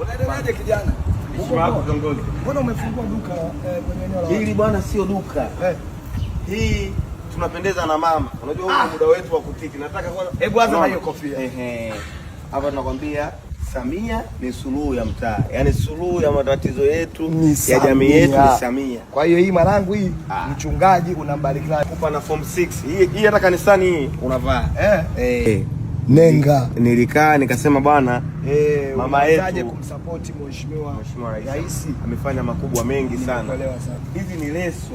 Unaendeleaje kijana? Mbona umefungua duka eh, kwenye eneo la hili bwana? Sio duka eh. hii, tunapendeza na mama. Unajua huu ah! muda wetu wa kutiki, nataka kwa hebu anza na hiyo kofia. Ehe, hapa tunakwambia Samia ni suluhu ya mtaa, yaani suluhu ya matatizo yetu ya jamii yetu ni Samia. Kwa hiyo hii marangu hii ah. mchungaji unambariki na kupa na form 6 hii hii, hata kanisani hii unavaa eh, eh. Nenga nilikaa nikasema bwana eh mama yetu kumsupport mheshimiwa rais amefanya makubwa mengi sana. Hizi ni leso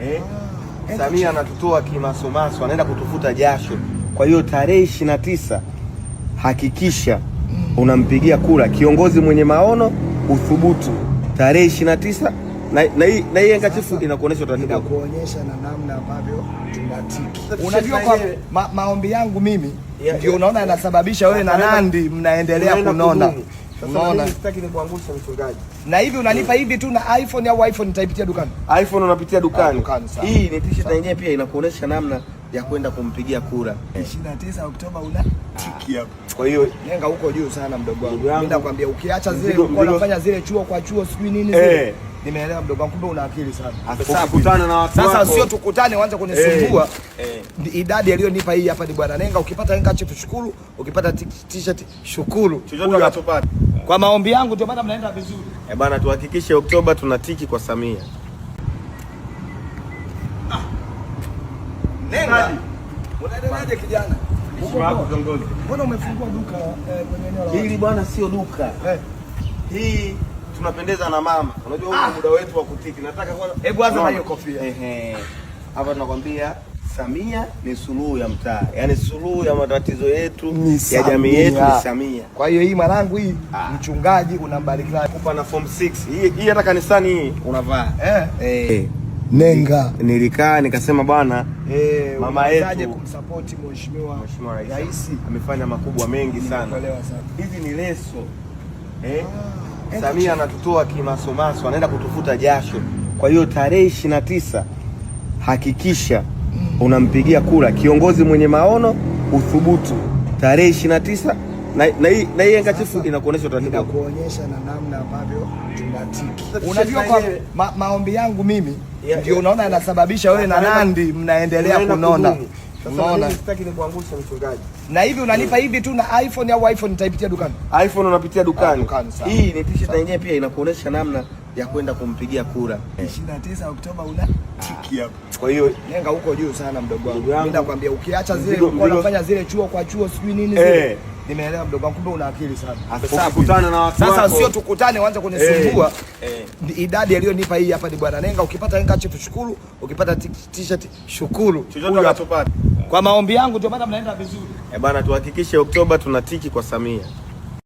eh? Ah, eh, Samia anatutoa kimasomaso, anaenda kutufuta jasho. Kwa hiyo tarehe ishirini na tisa hakikisha mm. unampigia kura kiongozi mwenye maono, uthubutu, tarehe ishirini na tisa na hii handkerchief inakuonyesha taratibu, inakuonyesha na namna ambavyo tunatiki. Unajua kwa ma, maombi yangu mimi yeah, ndio unaona yanasababisha wewe na Nandi mnaendelea kunona Unaona? Sitaki nikuangusha mchungaji. Na hivi unanipa hmm, hivi tu na iPhone au iPhone nitaipitia dukani? iPhone unapitia dukani. Ah, hii ni t-shirt yenyewe pia inakuonesha namna ya kwenda kumpigia kura 29 Oktoba una tiki hapo. Kwa hiyo nenga huko juu sana mdogo wangu. Mimi nakwambia ukiacha zile unafanya zile chuo kwa chuo sijui nini eh. zile nimeelewa mdogo wangu, kumbe una akili sana. Sasa kukutana na watu Sasa sio tukutane uanze kunisumbua. Eh. Eh. Idadi aliyonipa hii hapa ni Bwana Nenga. Ukipata chifu shukuru, ukipata t-shirt shukuru. Chochote unachopata. Kwa maombi yangu ndio maana mnaenda vizuri. Eh, bana tuhakikishe Oktoba tuna tiki kwa Samia. Ah. Nenga. Unaendeleaje kijana? Mbona umefungua duka eh, kwenye eneo la? Hili bwana sio duka. Hii tunapendeza na mama. Unajua huu ah, muda wetu wa kutiki. Nataka kwa hebu anza na hiyo kofia. Ehe. Hapa tunakwambia Samia ni suluhu ya mtaa, yaani suluhu ya matatizo yetu ya jamii yetu ni Samia. Kwa hiyo hii marangu hii ah, mchungaji unambariki na kupa na form 6 hii hii, hata kanisani hii unavaa eh, eh. eh. Nenga nilikaa nikasema bwana eh, mama yetu kumsupport mheshimiwa mheshimiwa rais amefanya makubwa mengi sana. Hivi ni leso eh ah. Samia anatutoa kimasomaso, anaenda kutufuta jasho. Kwa hiyo tarehe ishirini na tisa hakikisha mm. unampigia kura kiongozi mwenye maono, uthubutu, tarehe ishirini na tisa na hii na hii inakuonyesha utaratibu na namna ambavyo tunatiki. Unajua kwa ma, maombi yangu mimi yeah, ndio unaona yanasababisha wewe na Nandi mnaendelea kunona. Unaona, sitaki nikuangusha mchungaji na hivi unalipa hivi tu na iPhone au iPhone nitaipitia dukani, iPhone unapitia dukani. Ah, hii ni t-shirt na yenyewe pia inakuonesha namna ya kwenda kumpigia kura 29 Oktoba, una tiki ah. hapo. Kwa hiyo nenga huko juu sana, mdogo wangu, mimi nakwambia, ukiacha zile unafanya zile chuo kwa chuo sijui nini eh. zile Nimeelewa mdogo kumbe una akili sana. Sasa kukutana na watu sasa, sio tukutane uanze kunisumbua. Eh. Idadi aliyonipa hii hapa ni bwana Nenga. Ukipata Nenga chip shukuru, ukipata t-shirt shukuru. Kwa maombi yangu ndio maana mnaenda vizuri. Eh bana, tuhakikishe Oktoba tunatiki kwa Samia.